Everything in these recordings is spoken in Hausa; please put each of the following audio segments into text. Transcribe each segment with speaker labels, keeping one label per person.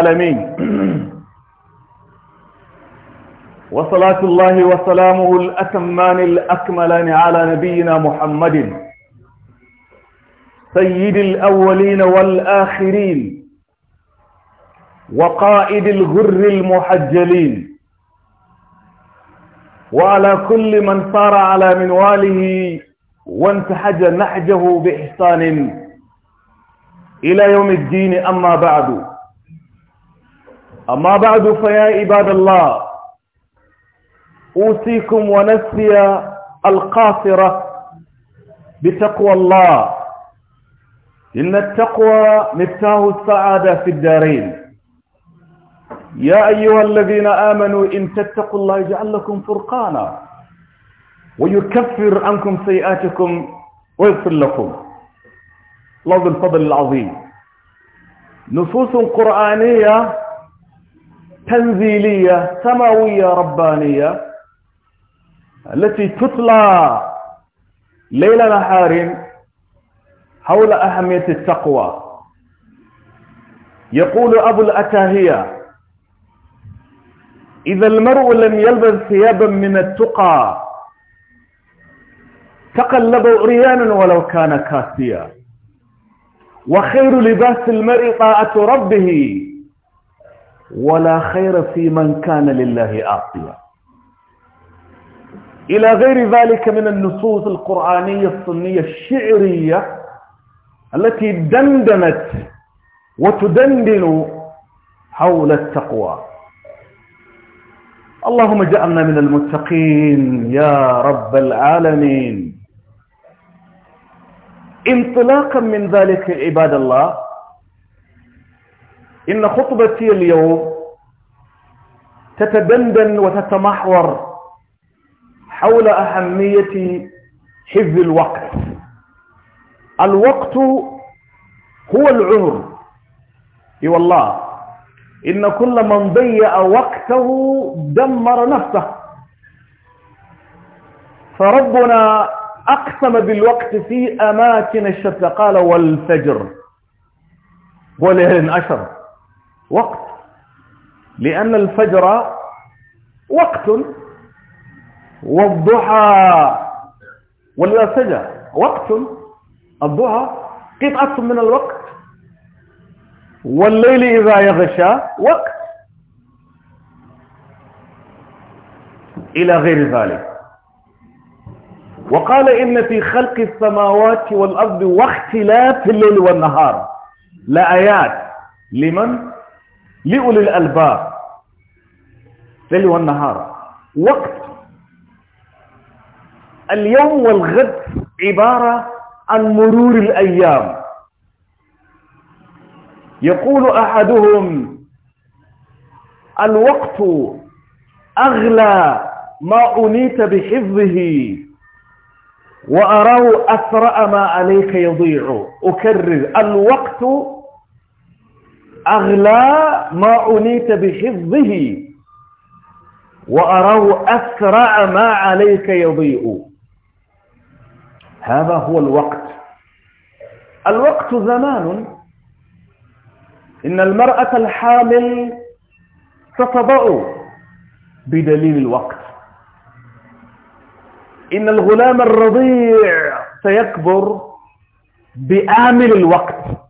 Speaker 1: العالمين وصلاة الله وسلامه الأتمان الأكملان على نبينا محمد سيد الأولين والآخرين وقائد الغر المحجلين وعلى كل من صار على منواله وانتحج نحجه بإحسان إلى يوم الدين أما بعد أما بعد فيا عباد الله أوصيكم ونسي القاصرة بتقوى الله إن التقوى مفتاح السعادة في الدارين يا أيها الذين آمنوا إن تتقوا الله يجعل لكم فرقانا ويكفر عنكم سيئاتكم ويغفر لكم الله ذو الفضل العظيم نصوص قرآنية تنزيلية سماوية ربانية التي تطلى ليل نهار حول أهمية التقوى يقول أبو الأتاهية إذا المرء لم يلبس ثيابا من التقى تقلب عريانا ولو كان كاسيا وخير لباس المرء طاعة ربه ولا خير في من كان لله عاصيا إلى غير ذلك من النصوص القرآنية السنية الشعرية التي دندنت وتدندن حول التقوى اللهم اجعلنا من المتقين يا رب العالمين انطلاقا من ذلك عباد الله إن خطبتي اليوم تتبندن وتتمحور حول أهمية حفظ الوقت الوقت هو العمر اي والله إن كل من ضيع وقته دمر نفسه فربنا أقسم بالوقت في أماكن الشتى قال والفجر وليل عشر وقت لأن الفجر وقت والضحى ولا وقت الضحى قطعة من الوقت والليل إذا يغشى وقت إلى غير ذلك وقال إن في خلق السماوات والأرض واختلاف الليل والنهار لآيات لمن لأولي الألباب ليل والنهار وقت اليوم والغد عبارة عن مرور الأيام يقول أحدهم الوقت أغلى ما أنيت بحفظه وأراه أسرأ ما عليك يضيع أكرر الوقت أغلى ما أنيت بحفظه وأراه أسرع ما عليك يضيء هذا هو الوقت الوقت زمان إن المرأة الحامل ستضأ بدليل الوقت إن الغلام الرضيع سيكبر بآمل الوقت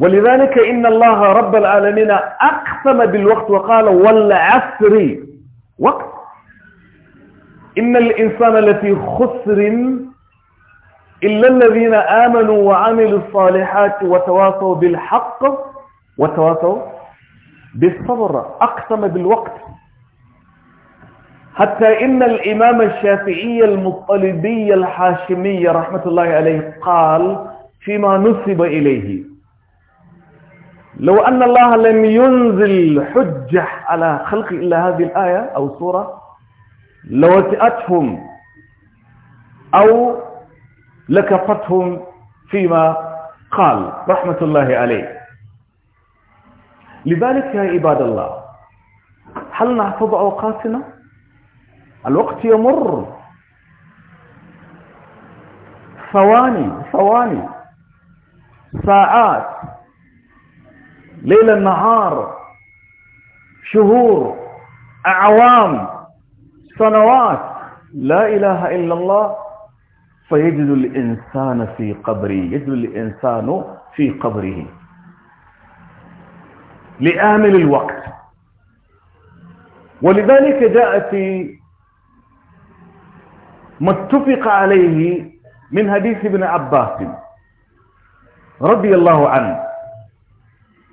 Speaker 1: ولذلك إن الله رب العالمين أقسم بالوقت وقال والعسر وقت إن الإنسان التي خسر إلا الذين آمنوا وعملوا الصالحات وتواصوا بالحق وتواصوا بالصبر أقسم بالوقت حتى إن الإمام الشافعي المطلبي الحاشمي رحمة الله عليه قال فيما نسب إليه لو أن الله لم ينزل حجة على خلق إلا هذه الآية أو السورة لوتئتهم أو لكفتهم فيما قال رحمة الله عليه لذلك يا عباد الله هل نحفظ أوقاتنا الوقت يمر ثواني ثواني ساعات ليل نهار شهور أعوام سنوات لا إله إلا الله فيجد الإنسان في قبره يجد الإنسان في قبره لآمل الوقت ولذلك جاء في ما اتفق عليه من حديث ابن عباس رضي الله عنه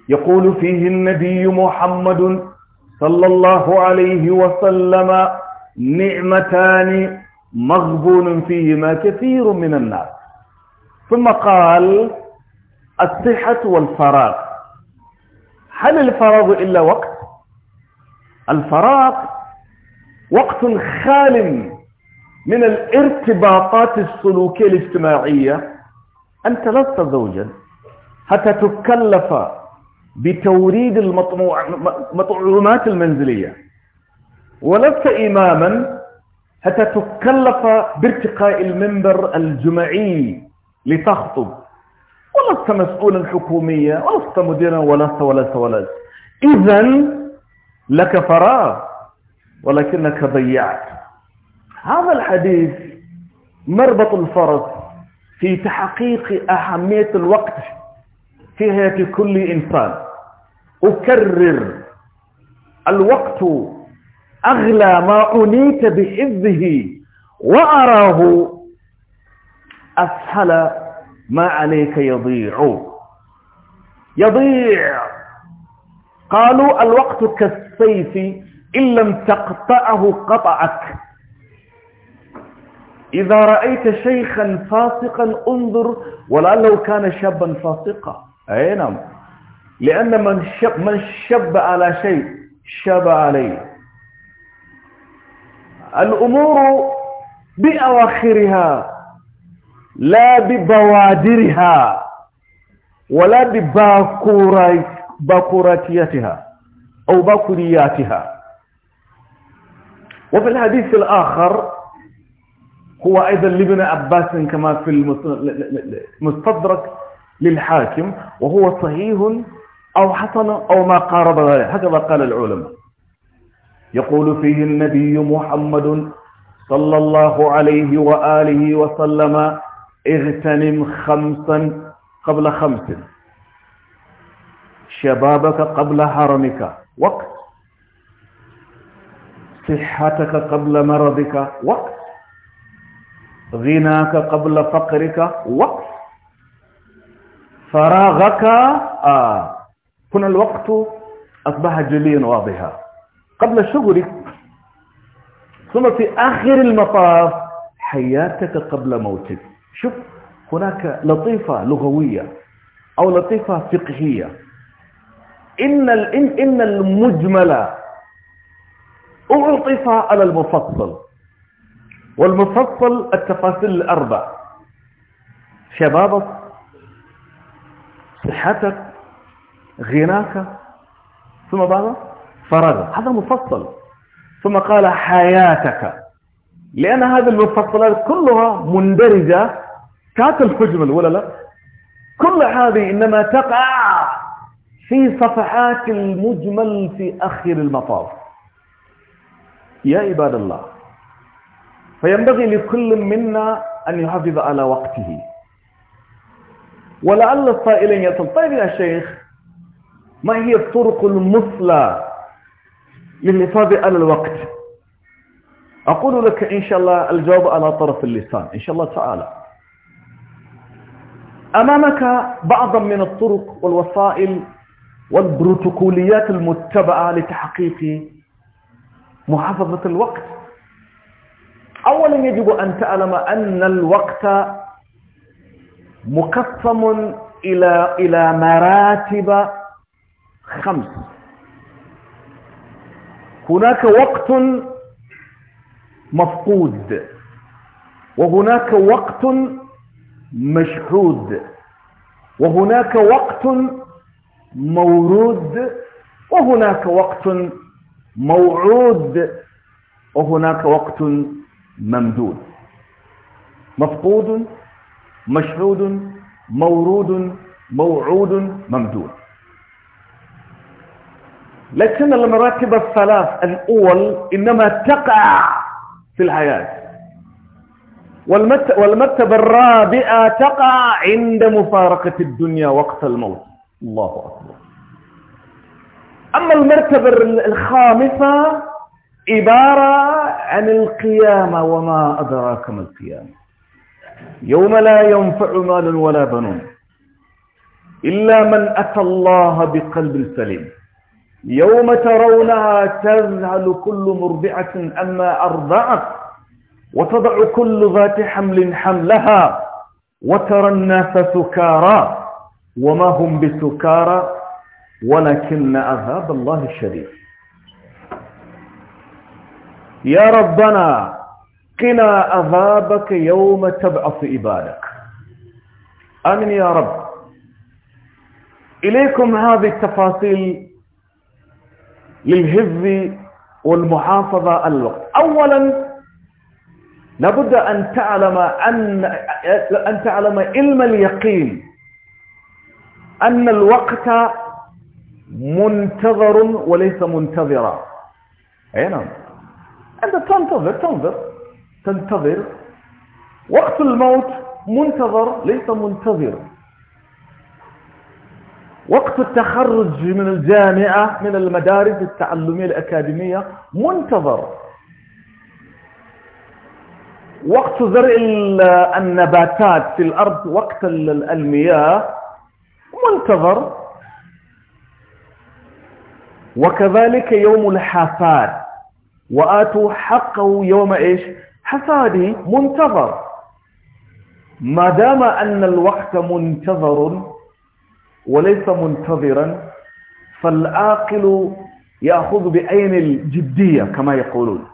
Speaker 1: يقول فيه النبي محمد صلى الله عليه وسلم نعمتان مغبون فيهما كثير من الناس ثم قال الصحة والفراغ هل الفراغ إلا وقت الفراغ وقت خال من الارتباطات السلوكية الاجتماعية أنت لست زوجا حتى تكلف بتوريد المطعومات المنزلية ولست إماما حتى تكلف بارتقاء المنبر الجمعي لتخطب ولست مسؤولا حكوميا ولست مديرا ولست ولست ولست إذا لك فراغ ولكنك ضيعت هذا الحديث مربط الفرس في تحقيق أهمية الوقت في حياة كل إنسان أكرر الوقت أغلى ما أنيت بحفظه وأراه أسهل ما عليك يضيع يضيع قالوا الوقت كالسيف إن لم تقطعه قطعك إذا رأيت شيخا فاسقا انظر ولعله كان شابا فاسقا أي نعم لأن من شب, من شب على شيء شب عليه الأمور بأواخرها لا ببوادرها ولا بباكوراتيتها أو باكورياتها وفي الحديث الآخر هو أيضا لابن عباس كما في المستدرك للحاكم وهو صحيح أو حسن أو ما قارب ذلك هكذا قال العلماء يقول فيه النبي محمد صلى الله عليه وآله وسلم اغتنم خمسا قبل خمس شبابك قبل حرمك وقت صحتك قبل مرضك وقت غناك قبل فقرك وقت فراغك آه هنا الوقت أصبح جليا واضحا قبل شغلك ثم في آخر المطاف حياتك قبل موتك شوف هناك لطيفة لغوية أو لطيفة فقهية إن إن المجمل أعطف على المفصل والمفصل التفاصيل الأربع شبابك صحتك غناك ثم بعد فرغ هذا مفصل ثم قال حياتك لأن هذه المفصلات كلها مندرجة كات الحجم ولا لا كل هذه إنما تقع في صفحات المجمل في أخر المطاف يا عباد الله فينبغي لكل منا أن يحافظ على وقته ولعل الصائلين يصل طيب يا شيخ ما هي الطرق المثلى للحفاظ على الوقت أقول لك إن شاء الله الجواب على طرف اللسان إن شاء الله تعالى أمامك بعضا من الطرق والوسائل والبروتوكوليات المتبعة لتحقيق محافظة الوقت أولا يجب أن تعلم أن الوقت مقسم إلى إلى مراتب خمس هناك وقت مفقود وهناك وقت مشهود وهناك وقت مورود وهناك وقت موعود وهناك وقت ممدود مفقود مشهود مورود موعود ممدود لكن المراتب الثلاث الأول إنما تقع في الحياة والمرتبة الرابعة تقع عند مفارقة الدنيا وقت الموت الله أكبر أما المرتبة الخامسة عبارة عن القيامة وما أدراك ما القيامة يوم لا ينفع مال ولا بنون إلا من أتى الله بقلب سليم يوم ترونها تذهل كل مربعة أما أرضعت وتضع كل ذات حمل حملها وترى الناس سكارى وما هم بسكارى ولكن عذاب الله الشديد يا ربنا قنا عذابك يوم تبعث عبادك آمين يا رب إليكم هذه التفاصيل للحفظ والمحافظة الوقت أولا لابد أن تعلم أن أن تعلم علم اليقين أن الوقت منتظر وليس منتظرا أي نعم أنت تنتظر تنظر تنتظر وقت الموت منتظر ليس منتظر وقت التخرج من الجامعة من المدارس التعلمية الأكاديمية منتظر وقت زرع النباتات في الأرض وقت المياه منتظر وكذلك يوم الحفاد وآتوا حقه يوم إيش حفاده منتظر ما دام أن الوقت منتظر وليس منتظرا فالعاقل يأخذ بعين الجدية كما يقولون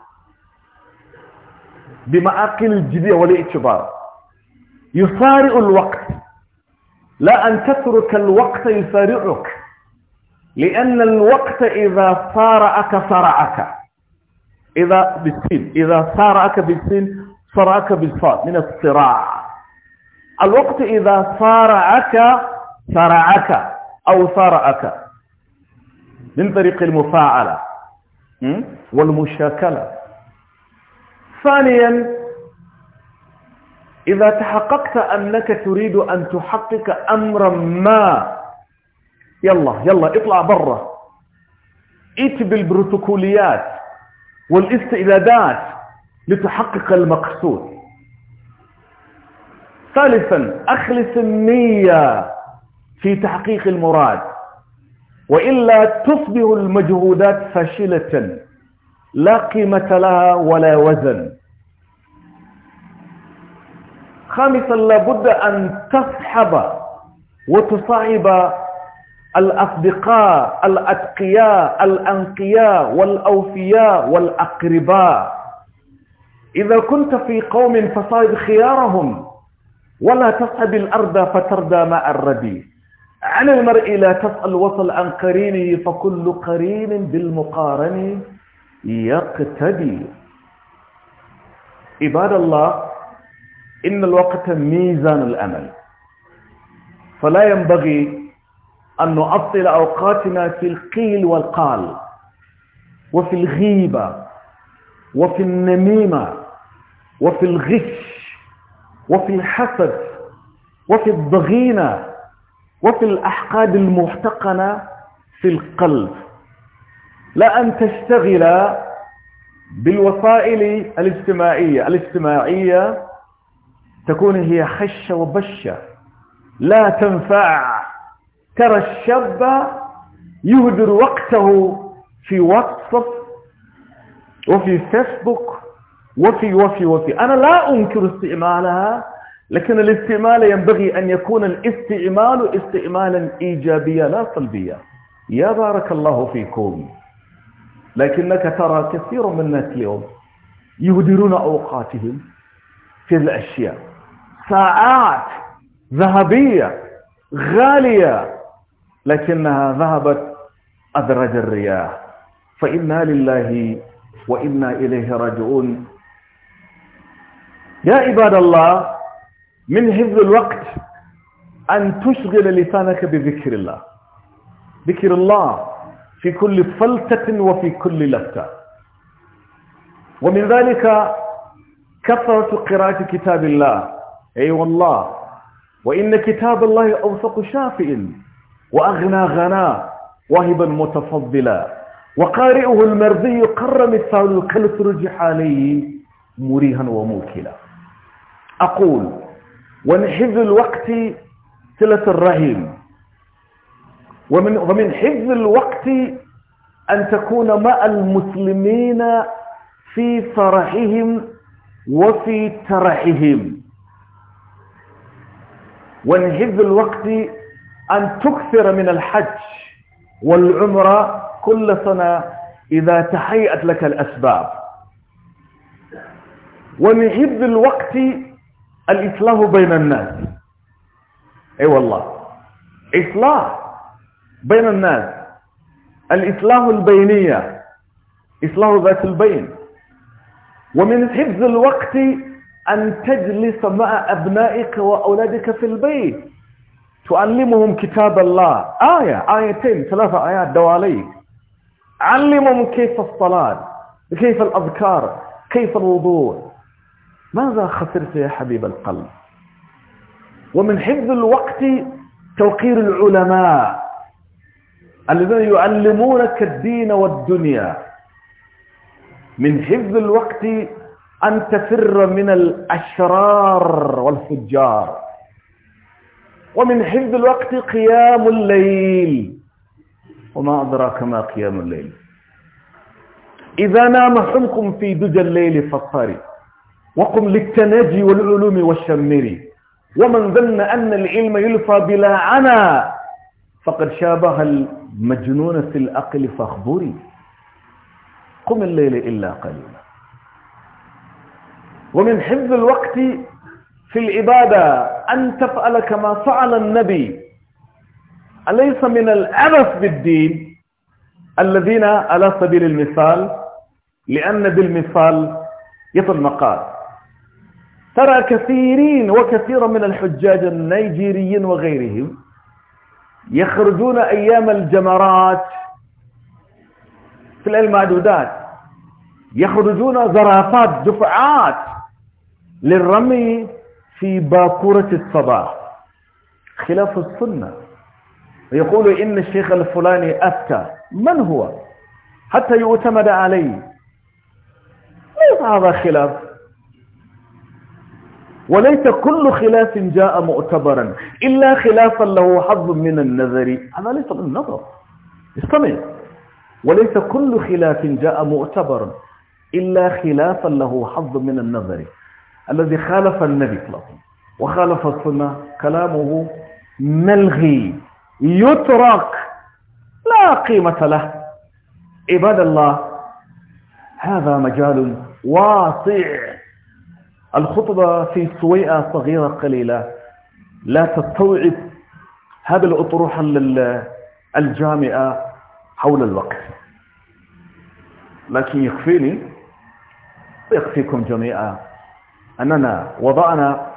Speaker 1: بمعاقل الجدية والاعتبار يسارع الوقت لا أن تترك الوقت يسارعك لأن الوقت إذا صارعك صرعك إذا بالسين إذا صارعك بالسين صرعك بالصاد من الصراع الوقت إذا صارعك صرعك أو سرعك من طريق المفاعلة والمشاكلة ثانيا إذا تحققت أنك تريد أن تحقق أمرا ما يلا يلا اطلع برا ات بالبروتوكوليات والاستئذادات لتحقق المقصود ثالثا أخلص النية في تحقيق المراد وإلا تصبح المجهودات فاشلة لا قيمة لها ولا وزن خامسا لابد أن تصحب وتصاحب الأصدقاء الأتقياء الأنقياء والأوفياء والأقرباء إذا كنت في قوم فصاحب خيارهم ولا تصحب الأرض فتردى مع الرديف عن المرء لا تسأل وصل عن قرينه فكل قرين بالمقارن يقتدي عباد الله إن الوقت ميزان الأمل فلا ينبغي أن نعطل أوقاتنا في القيل والقال وفي الغيبة وفي النميمة وفي الغش وفي الحسد وفي الضغينة وفي الأحقاد المحتقنة في القلب لا أن تشتغل بالوسائل الاجتماعية الاجتماعية تكون هي خشة وبشة لا تنفع ترى الشاب يهدر وقته في واتساب وفي فيسبوك وفي وفي وفي أنا لا أنكر استعمالها لكن الاستعمال ينبغي أن يكون الاستعمال استعمالا إيجابيا لا سلبيا يا بارك الله فيكم لكنك ترى كثير من الناس اليوم يهدرون أوقاتهم في الأشياء ساعات ذهبية غالية لكنها ذهبت أدرج الرياح فإنا لله وإنا إليه راجعون يا عباد الله من حفظ الوقت أن تشغل لسانك بذكر الله ذكر الله في كل فلتة وفي كل لفتة ومن ذلك كثرة قراءة كتاب الله أي أيوة والله وإن كتاب الله أوثق شافئ وأغنى غنى وهبا متفضلا وقارئه المرضي قر مثال القلب رجح عليه مريها وموكلا أقول ومن حفظ الوقت صلة الرحم ومن, ومن حفظ الوقت أن تكون مع المسلمين في فرحهم وفي ترحهم ومن حفظ الوقت أن تكثر من الحج والعمرة كل سنة إذا تهيأت لك الأسباب ومن حفظ الوقت الإصلاح بين الناس أي أيوة والله إصلاح بين الناس الإصلاح البينية إصلاح ذات البين ومن حفظ الوقت أن تجلس مع أبنائك وأولادك في البيت تعلمهم كتاب الله آية آيتين ثلاثة آيات دواليك علمهم كيف الصلاة كيف الأذكار كيف الوضوء ماذا خسرت يا حبيب القلب ومن حفظ الوقت توقير العلماء الذين يعلمونك الدين والدنيا من حفظ الوقت أن تفر من الأشرار والفجار ومن حفظ الوقت قيام الليل وما أدراك ما قيام الليل إذا نام حمكم في دجى الليل فاضطرب وقم للتناجي والعلوم والشمري ومن ظن أن العلم يلفى بلا عنا فقد شابه المجنون في الأقل فاخبري قم الليل إلا قليلا ومن حفظ الوقت في العبادة أن تفعل كما فعل النبي أليس من العبث بالدين الذين على سبيل المثال لأن بالمثال يطل مقال ترى كثيرين وكثيرا من الحجاج النيجيريين وغيرهم يخرجون أيام الجمرات في المعدودات يخرجون زرافات دفعات للرمي في باكورة الصباح خلاف السنة يقول إن الشيخ الفلاني أفتى من هو حتى يؤتمد عليه ليس هذا خلاف وليس كل خلاف جاء مؤتبرا إلا خلافا له حظ من النذر هذا ليس من النظر استمع وليس كل خلاف جاء مؤتبرا إلا خلافا له حظ من النظر الذي خالف النبي صلى وخالف السنة كلامه ملغي يترك لا قيمة له عباد الله هذا مجال واسع الخطبة في سويئة صغيرة قليلة لا تستوعب هذه الأطروحة الجامعة حول الوقت لكن يخفيني ويخفيكم جميعا أننا وضعنا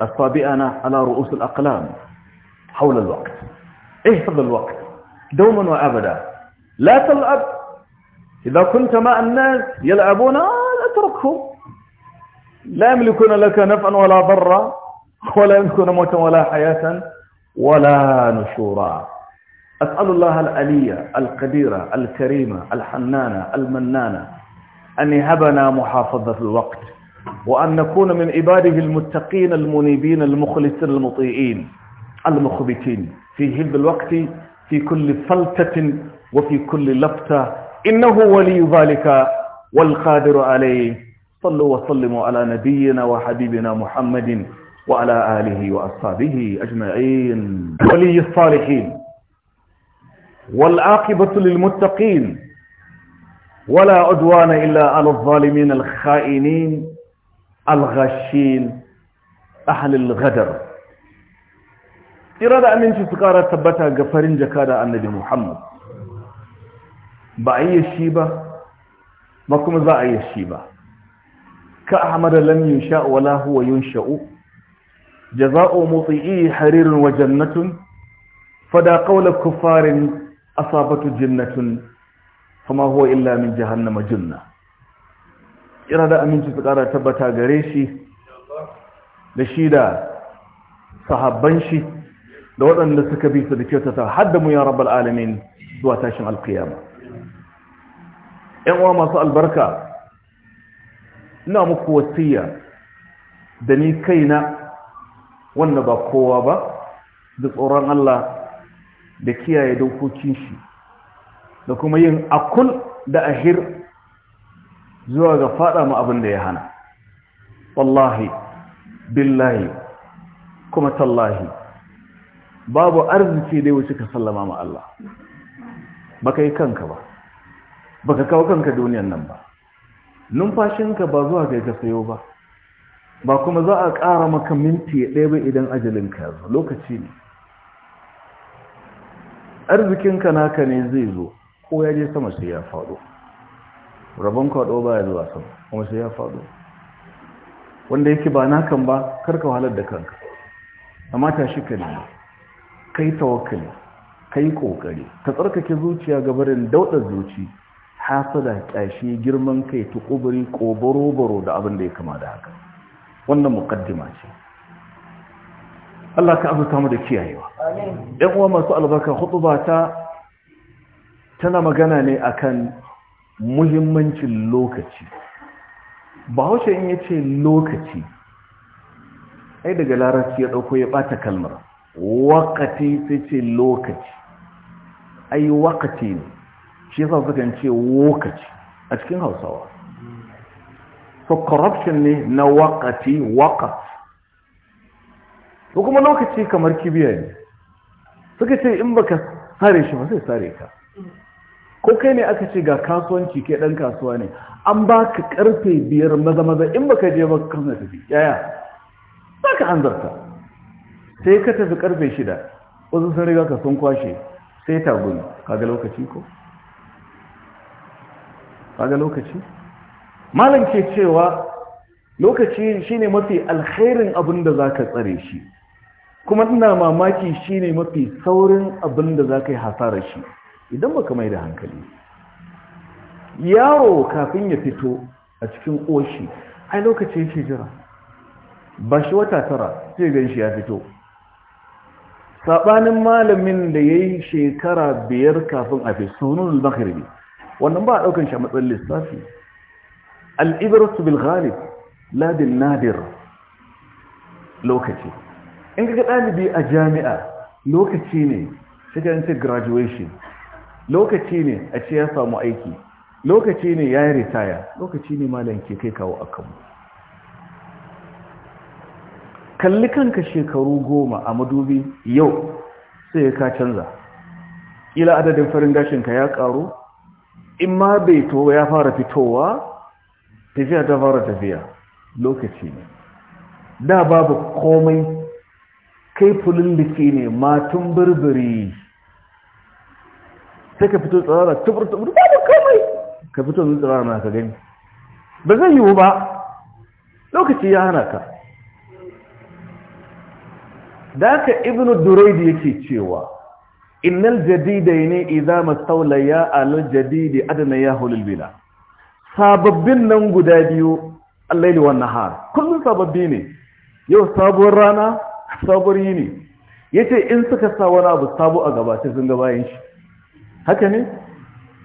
Speaker 1: أصابعنا على رؤوس الأقلام حول الوقت احفظ إيه الوقت دوما وأبدا لا تلعب إذا كنت مع الناس يلعبون آه، لا تركهم لا يملكون لك نفعا ولا ضرا ولا يملكون موتا ولا حياة ولا نشورا أسأل الله الألية القديرة الكريمة الحنانة المنانة أن يهبنا محافظة الوقت وأن نكون من عباده المتقين المنيبين المخلصين المطيعين المخبتين في هلب الوقت في كل فلتة وفي كل لفتة إنه ولي ذلك والقادر عليه صلوا وسلموا على نبينا وحبيبنا محمد وعلى آله وأصحابه أجمعين ولي الصالحين والعاقبة للمتقين ولا عدوان إلا على الظالمين الخائنين الغشين أهل الغدر اراد ان ينشد kara ثبتها ga farin عن نبي محمد باي شيبه ما كم باي شيبه كأحمد لم ينشأ ولا هو ينشأ جزاء مطيئه حرير وجنة فدا قول كفار أصابته جنة فما هو إلا من جهنم جنة إرادة أمين تتقارى تبتا غريشي لشيدا صحابنشي لو أن لسكبي صدقيتها حدموا يا رب العالمين دواتاشم القيامة إنوا وما سأل بركة ina muku wasiya da ni kaina wanda ba kowa ba da tsoron Allah da kiyaye dokokin shi da kuma yin akul da ahir zuwa ga fada mu abin da ya hana wallahi billahi kuma tallahi babu arziki da wuce ka sallama ma Allah baka yi kanka ba ka kawo kanka duniyan nan ba numfashinka ba zuwa ga ka sayo ba ba kuma za a ƙara maka minti ɗaya ba idan ajalinka ya zo lokaci ne arzikinka naka ne zai zo ko ya je sama sai ya faɗo rabon kwaɗo ba ya zuwa sama kuma sai ya faɗo wanda yake ba nakan ba karka wahalar da kanka amma tashi ka ne kai tawakkali kai kokari ka tsarkake zuciya gabarin dauɗa zuci hasada kyashi girman kai ta tukuburi koboro-boro da abin da ya kama da haka wannan mukaddima ce Allah ka azuta mu da kiyayewa ɗan uwa masu albarka hutuba ta tana magana ne akan muhimmancin lokaci bahaushe in yace lokaci ai daga larabci ya ɗauko ya ɓata kalmar wakati sai ce lokaci ai wakati ne shi yasa sukan ce wokaci a cikin hausawa so corruption ne na wakati wakat To kuma lokaci kamar kibiya ne suka ce in baka sare shi ba sai sare ka ko kai ne aka ce ga kasuwanci ke dan kasuwa ne an baka karfe biyar maza maza in baka je ba ka tafi yaya ka an zarta sai ka tafi karfe shida wasu sun riga ka sun kwashe sai ta ka kaga lokaci ko kaga lokaci malam ke cewa lokaci shine mafi alkhairin abin da zaka tsare shi kuma ina mamaki shine mafi saurin abin da zaka yi hasara shi idan baka mai da hankali yaro kafin ya fito a cikin koshi ai lokaci yake jira ba shi wata tara sai gan shi ya fito sabanin malamin da yayi shekara biyar kafin a fi sunul maghribi wannan ba a ɗaukan shi a matsayin lissafi al'ibaratu bil ladin nadir lokaci in ga ɗalibi a jami'a lokaci ne ga graduation lokaci ne a ce ya samu aiki lokaci ne ya yi ritaya lokaci ne malam ke kai kawo akanmu kalli kanka shekaru goma a madubi yau sai ka canza Ƙila adadin farin gashinka ya ƙaru. in ma bai to ya fara fitowa tafiya ta fara tafiya lokaci ne da babu komai kai fulilliki ne matun birbiri sai ka fito tsara tubur-tubur babu komai ka fito zuwa tsara na ka gani ba zai yiwu ba lokaci ya hana ka da aka ibn duraidi yake cewa innal jadidaini idza mastawlaya alal jadidi adna yahul bila sababbin nan guda biyu al-laili wan nahar kullun sababbi ne yau sabuwar rana sabuwar yini yace in suka sa wani abu sabo a gaba sai sun ga bayan shi haka ne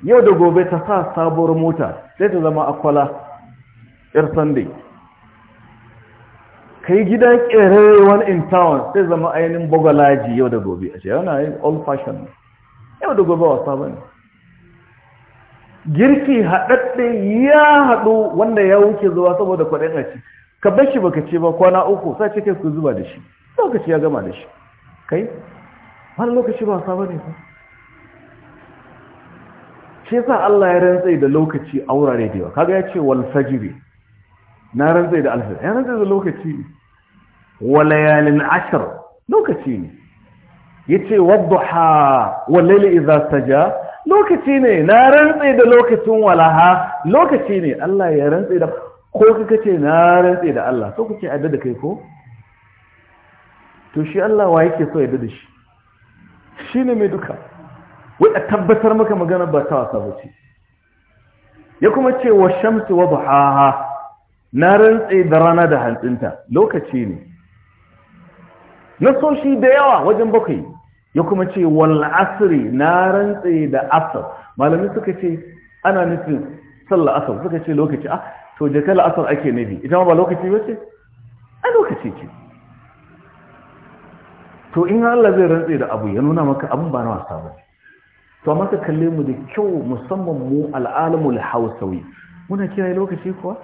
Speaker 1: yau da gobe ta sa sabuwar mota sai ta zama akwala yar sunday kai gida kere wani in town sai zama ainihin bogolaji yau da gobe a shayar na yin old fashion yau da gobe wasa ba ne girki haɗaɗɗe ya haɗu wanda ya wuce zuwa saboda kwaɗin a ci ka bar shi baka ce ba kwana uku sai ce kai ku zuba da shi lokaci ya gama da shi kai wani lokaci ba wasa ba ne ba shi yasa Allah ya rantsa da lokaci a wurare da yawa kaga ya ce wal fajiri na rantsai da alfir ya rantsai da lokaci ne wa layalin ashir lokaci ne yace wadduha wa layli idha saja lokaci ne na rantsai da lokacin walaha lokaci ne Allah ya rantsai da ko kika ce na rantsai da Allah so kuke adda da kai ko to shi Allah wa yake so ya da shi shine mai duka wai a tabbatar maka magana ba ta wasa bace ya kuma ce wa shamsu wa duhaha na rantse da rana da hantsinta lokaci ne nasoshi da yawa wajen bakwai ya kuma ce wal asiri na rantse da asar? Malami suka ce ana nufin sallar asr suka ce lokaci ah, to je kala ake nufi ita ma ba lokaci ba ce a lokaci ce to in Allah zai rantse da abu ya nuna maka abin ba na wasa ba to amma ka kalle mu da kyau musamman mu al'alamul hausawi muna kira lokaci kuwa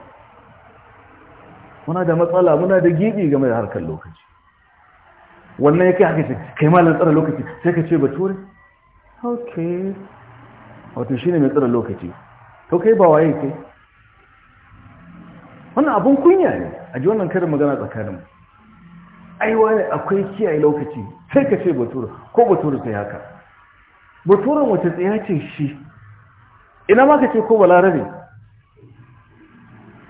Speaker 1: muna da matsala muna da gibi game da harkar lokaci wannan ya kai haka ce kai malin tsara lokaci sai ka ce bature ok wato shi ne mai tsara lokaci to kai ba waye kai wannan abin kunya ne a ji wannan karin magana tsakanin aiwa ne akwai kiyaye lokaci sai ka ce bature ko bature sai haka bature wace tsaya ce shi ina ma ka ce ko balarabe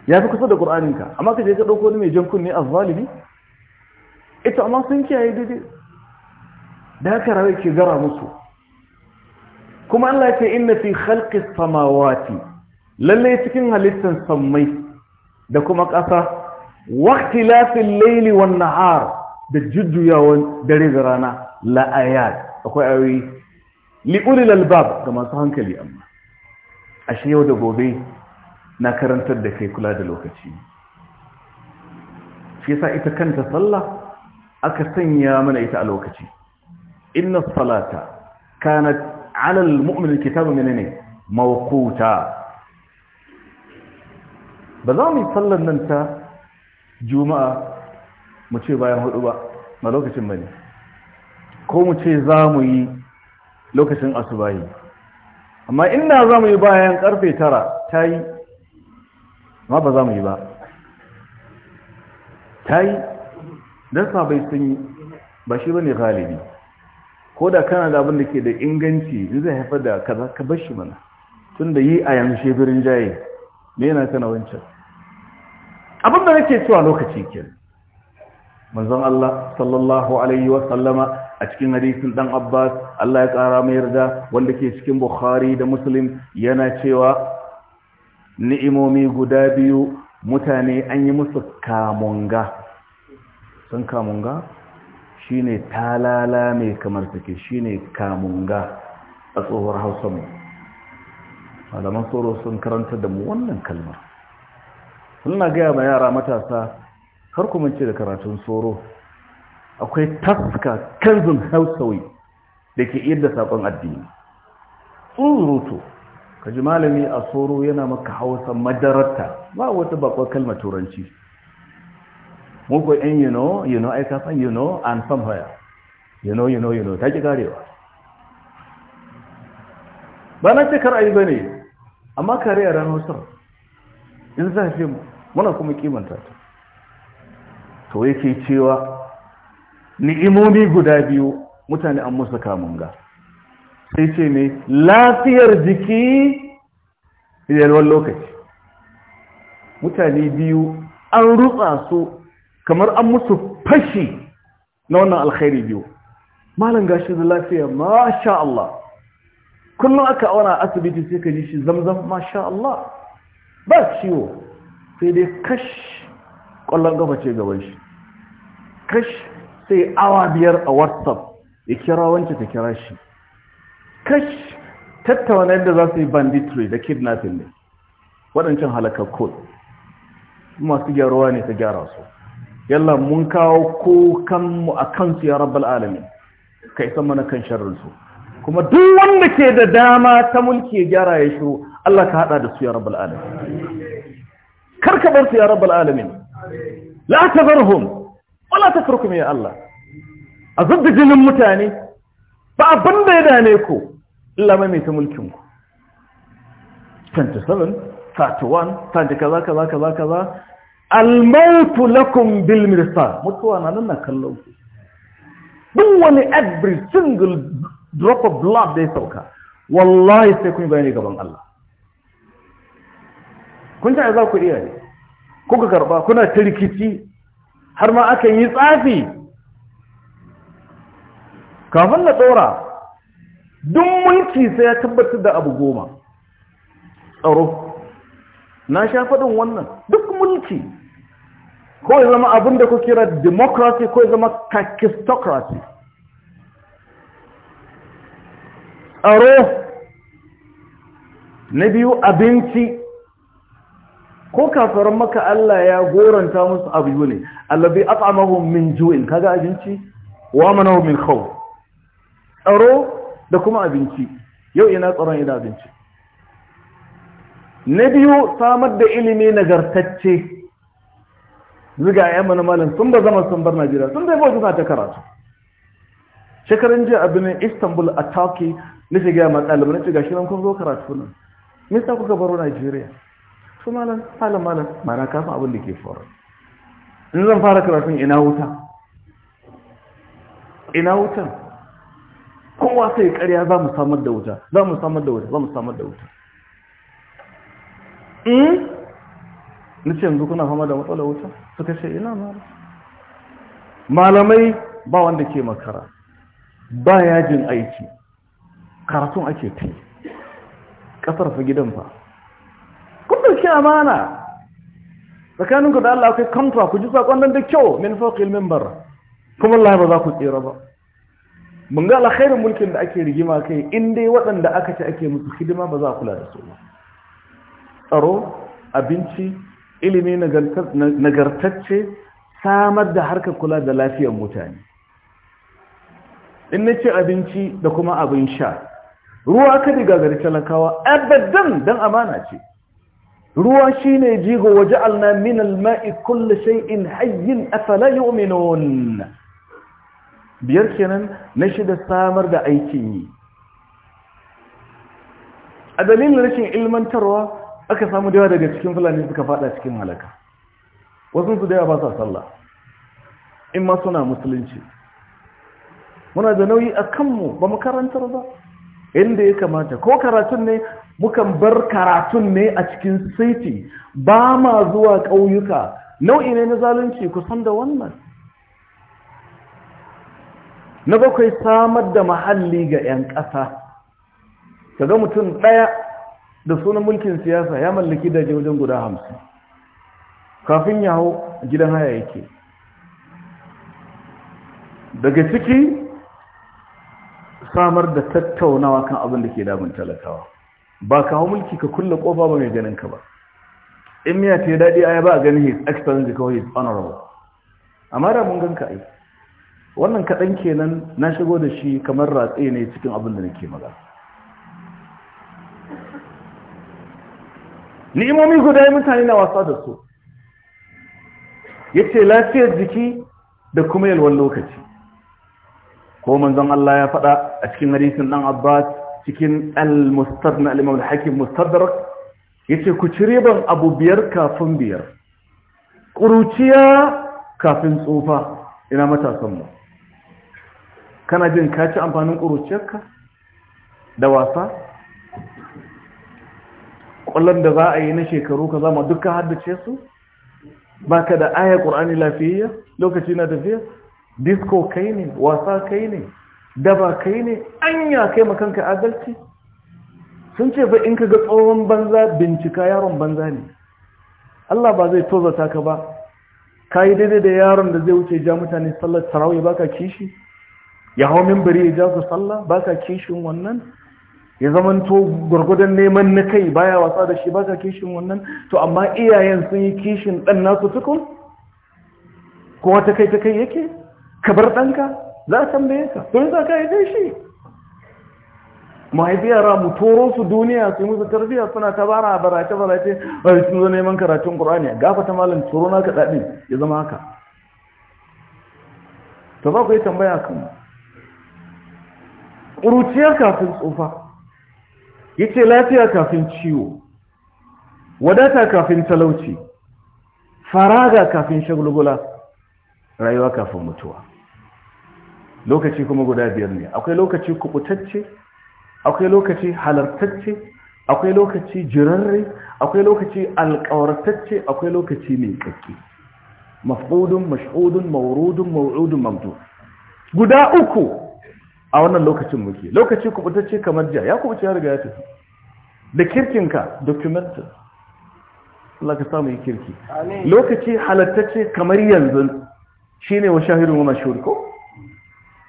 Speaker 1: ya fi kusa da ƙur'aninka amma ka je ka ɗauko wani mai jan kunne a zalibi ita amma sun kiyaye daidai da haka rawai ke gara musu kuma Allah ce inna fi khalqis samawati lalle cikin halittan sammai da kuma ƙasa waqtilafil layli wan nahar da jujjuyawan dare da rana la ayat akwai ayoyi li ulil albab ga masu hankali amma ashe yau da gobe na karantar da kai kula da lokaci shi yasa ita kanta sallah aka sanya mana ita a lokaci inna salata kanat ala almu'min alkitabu menene mawquta ba za mu sallar nan ta juma'a mu ce bayan hudu ba ma lokacin bane ko mu ce za mu yi lokacin asubahi amma inda za mu yi bayan karfe tara ta yi ma ba za mu yi ba ta yi don sabai sun yi ba shi ba ne galibi ko da kana da abin da ke da inganci zai haifar da kaza ka bar shi mana tun da yi a yanzu shebirin jaye ne yana kana wancan abin da nake cewa lokaci ke manzon Allah sallallahu alaihi wa sallama a cikin hadisin dan Abbas Allah ya kara mai yarda wanda ke cikin Bukhari da Muslim yana cewa ni'imomi guda biyu mutane an yi musu kamunga sun kamunga Shi ne talala mai kamar take ne kamunga a tsohuwar hausa mu malaman tsoro sun karanta da mu wannan kalmar suna gaya ma yara matasa har kuma ce da karatun tsoro akwai taska kanzun hausawai da ke iya da saƙon addini tsurutu ka ji malami a soro yana maka hausa madararta ba wata bakwai kalmar turanci muku in you know you know aika san you know and somewhere you know you know you know ta ki karewa ba na cikar ayi ba ne amma kare a ranar sar in zafi mu muna kuma kimanta ta to yake cewa ni'imomi guda biyu mutane an musu ga. sai ce ne lafiyar jiki yalwar lokaci mutane biyu an rutsa su kamar an musu fashi na wannan alkhairi biyu malam gashi da lafiya masha Allah kullum aka auna asibiti sai ka ji shi zamzam masha Allah ba ciwo sai dai kash kwallon gaba ce gaban shi kash sai awa biyar a whatsapp ya kira wancan ta kira shi kash tattauna yadda za su yi banditry da kidnapping ne waɗancan kod masu gyarowa ne ta gyara su yalla mun kawo ko mu a kansu ya rabbal alamin ka isa mana kan sharrinsu kuma duk wanda ke da dama ta mulki ya gyara ya shiru Allah ka hada da su ya rabbal alamin karka bar su ya rabbal alamin la tazarhum wala farko mai Allah azab jinin mutane ba abin da ya dane ko. Allah mai mai ta mulkin ku 27 31 30 kaza kaza kaza kaza almautu lakum bil mirsal mutuwa na nan kallon ku duk wani every single drop of blood da ya sauka wallahi sai kun bayani gaban Allah kun ta za ku iya ne kuka karba kuna ta rikici har ma akan yi tsafi kafin na tsora duk mulki sai ya tabbatar da abu goma tsaro na sha faɗin wannan duk mulki ko ya zama abin da ku kira democracy ko ya zama kakistocracy tsaro na biyu abinci ko kafaran maka Allah ya goranta musu abu ne allabi at'amahum min ju'in kaga abinci wa manahum min khawf tsaro da kuma abinci yau ina tsaron ina abinci na biyu samar da ilimi nagartacce ziga ya mana malin sun ba zama sun bar najeriya sun bai bauta ta karatu shekarun jiya abin istanbul a turkey na shiga ma ɗalibar na shiga shirin kun zo karatu nan nisa kuka baro najeriya su malam malam malam mana kafin abin da ke faru in zan fara karatun ina wuta ina wutan kowa sai ya karya za mu samar da wuta za mu samar da wuta za mu samar da wuta in eh? nace yanzu kuna fama da matsalar wuta suka ce ina mara malamai ba wanda ke makara ba yajin aiki karatun ake ta kasar fa gidan fa kun shi amana tsakaninku da Allah kai kamta ku ji sakon nan da kyau min fawqil minbar kuma Allah ba za ku tsira ba mun ga alkhairin mulkin da ake rigima kai in dai waɗanda aka ci ake musu hidima ba za a kula da su ba tsaro abinci ilimi nagartacce samar da harkar kula da lafiyar mutane in na ce abinci da kuma abin sha ruwa ka diga gari talakawa abadan don amana ce ruwa shine jigo waje alna min alma'i kulle shay'in hayyin afala yu'minun biyar kenan na shida samar da aikin yi a dalilin rashin ilmantarwa aka samu da daga cikin fulani suka fada cikin halaka wasu su da ba sa sallah in ma suna musulunci muna da nauyi a kanmu ba mu karantar ba inda ya kamata ko karatun ne mukan bar karatun ne a cikin saiti ba ma zuwa ƙauyuka nau'i ne na zalunci kusan da wannan na bakwai samar da mahalli ga 'yan ƙasa ga mutum ɗaya da sunan mulkin siyasa ya mallaki daji wajen guda hamsin kafin ya hau gidan haya yake daga ciki samar da tattaunawa kan abin da ke damun talakawa ba kawo mulki ka kulle ƙofa ba mai ganin ka ba in miya ta ce daɗi a ya ba a ganin his excellency kawai his honorable amma da mun ganka aiki wannan kaɗan kenan na shigo da shi kamar ratse ne cikin abin da nake magana ni'imomi guda mutane na wasa da su ya ce lafiyar jiki da kuma yalwan lokaci ko manzon Allah ya faɗa a cikin hadisin ɗan abbas cikin al-mustar na al hakim mustadrak ya ce ku ci riban abu biyar kafin biyar ƙuruciya kafin tsufa ina matasanmu kana jin ka ci amfanin ƙuruciyarka da wasa ƙwallon da za a yi na shekaru ka zama duka haddace su ba ka da aya ƙur'ani lafiyayya lokaci na tafiya disko kai ne wasa kai ne daba kai ne anya kai makanka adalci sun ce fa in ka ga tsohon banza bincika yaron banza ne Allah ba zai tozata ka ba ka yi daidai da yaron da zai wuce ja mutane sallar ba ka kishi ya hau mimbari ya ja ku sallah baka kishin wannan ya to gurgudan neman na kai baya wasa da shi baka kishin wannan to amma iyayen sun yi kishin dan nasu tukun ko wata kai ta kai yake ka bar ɗanka za a tambaye ka sun za ka zai shi mahaifi yara mu toro su duniya su yi musu tarbiyya suna ta bara a barace barace bari sun zo neman karatun ƙur'ani gafa ta malam toro na ka daɗin ya zama haka to za ku yi tambaya kan ƙuruciya kafin tsufa ya ce lafiya kafin ciwo wadata kafin talauci faraga kafin shagulgula rayuwa kafin mutuwa lokaci kuma guda biyar ne akwai lokaci kubutacce akwai lokaci halartacce akwai lokaci jirarre akwai lokaci alkawartacce akwai lokaci mai kakki mafudun mashudun maurudun mawudun mamdu guda uku a wannan lokacin muke lokaci kubutacce kamar jiya ya kubuce ya riga ya tafi da kirkinka documented Allah ka samu yi kirki lokaci halattacce kamar yanzu shine wa shahidun wa mashhur ko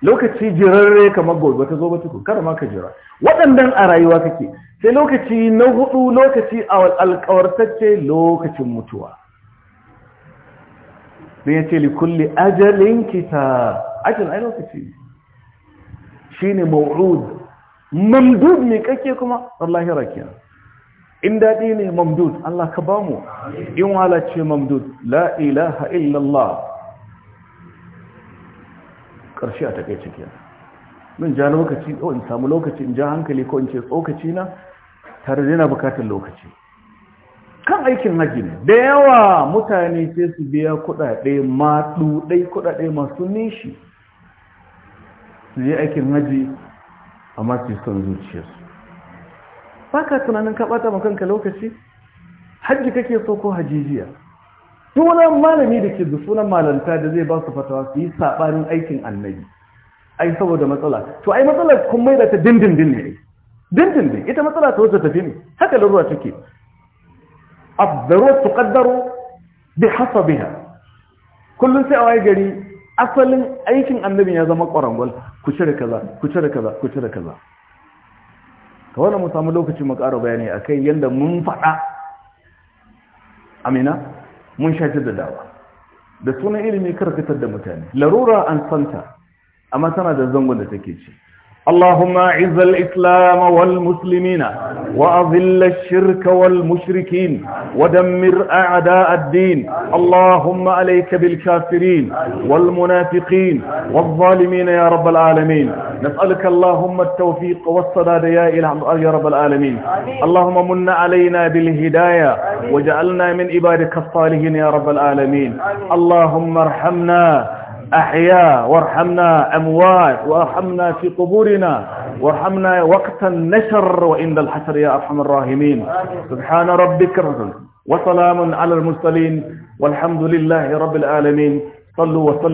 Speaker 1: lokaci jirarre kamar gobe ta zo ba tuku kar ma ka jira waɗannan a rayuwa kake sai lokaci na hudu lokaci a alƙawartacce lokacin mutuwa dan yace li kulli ajalin kitab ajal ai lokaci shine maw'ud mamdud ne kake kuma ya rakiya in daɗi ne mamdud Allah ka ba mu in walace mamdud la ilaha illallah Karshe a take cikiya Mun ja lokaci ko in samu lokaci in ja hankali ko in ce tsokaci na tare da yana bukatun lokaci kan aikin haji ne da yawa mutane sai su biya kuɗaɗe maɗuɗai kuɗaɗe masu nishi su yi aikin haji a su yi son zuciyarsu ba ka tunanin ka ɓata makanka lokaci hajji kake so ko hajijiya Sunan malami da ke da sunan malanta da zai ba su fatawa su yi saɓanin aikin annabi ai saboda matsala to ai matsala kun mai da ta dindindin ne dindindin ita matsala ta wacce tafi ne haka larura take su kaddaro bi biya. Kullum sai a wai gari asalin aikin annabin ya zama ƙwarangwal ku cire kaza ku cire kaza ku cire kaza ka wanda mu samu lokaci mu ƙara bayani a kai yadda mun faɗa amina mun sha da dawa da sunan ilimi karkatar da mutane larura an santa amma tana da zangon da take ci اللهم أعز الإسلام والمسلمين وأذل الشرك والمشركين ودمر أعداء الدين اللهم عليك بالكافرين والمنافقين والظالمين يا رب العالمين نسألك اللهم التوفيق والصداد يا إله يا رب العالمين اللهم من علينا بالهداية وجعلنا من عبادك الصالحين يا رب العالمين اللهم ارحمنا أحياء وارحمنا أموات وارحمنا في قبورنا وارحمنا وقت النشر وعند الحشر يا أرحم الراحمين سبحان ربك وسلام على المرسلين والحمد لله رب العالمين صلوا وسلموا